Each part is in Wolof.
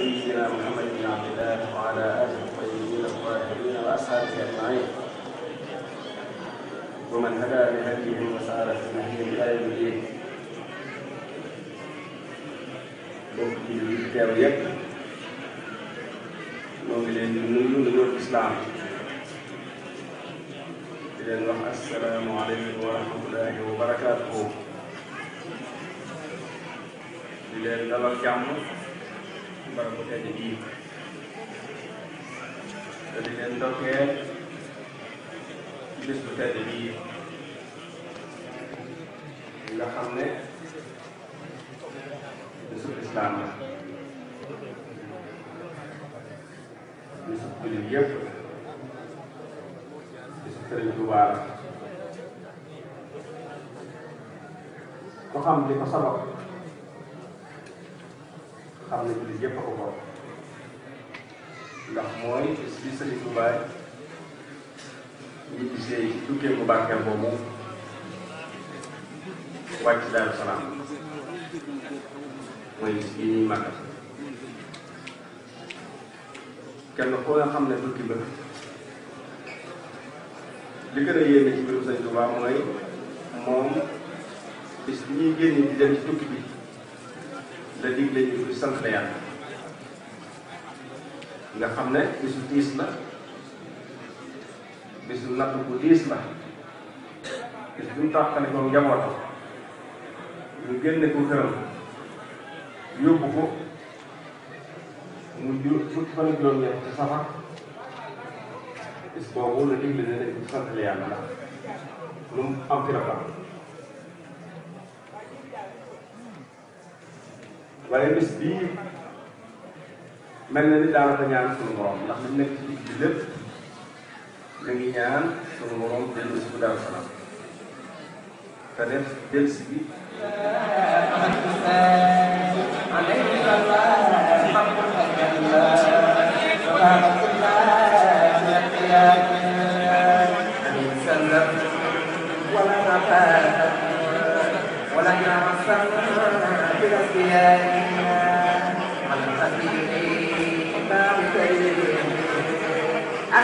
سيدنا محمد بن عبد الله وعلى آله الطيبين الطاهرين وأصحابه أجمعين ومن هدى بهديهم وسار في نهجهم إلى يوم الدين bokk ci li teew yépp moo ngi leen di nuyu nuyoo islaam di leen wax asalaamaaleykum wa rahmatullahi wa barakaatuhu di leen dalal jàmm barab bu tedd bii te di leen ndokkee ci bés bu tedd bii nga xam ne bésu islaam la bésu jullit yëpp bésu Sëriñ Tuubaa la ko xam li ko sabab xam ne jullit yépp a ko bokk ndax mooy bis bi Sëriñ Tuuba ñu gisee duggee bu barkeel boobu wàcc Daaru Salaam mooy bis bi ñuy màggal kenn koo nga ne tukki ba li gën a yéeme ci biiru Sëriñ mooy moom bis bi ñuy génn di dem ci tukki bi la digle ñu fi sant la yàlla nga xam ne bisu tiis la bisu natt bu diis la bis bu ñu tàqale ko njabootam ñu génne ko këram yóbbu ko mu jur fukki fan ak juróom-ñett ci safar bis boobu la digle ne dañ ko la yàlla la lu mu la waaye bis bii mel na ni daanaka ñaan sunu borom ndax li nekk ci digg bi lépp mi ngi ñaan sunu borom dellu si bu Daaru Salaam te def del si bi ولا نعصى بلا سياج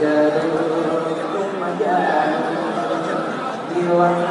رجالا ثم جاء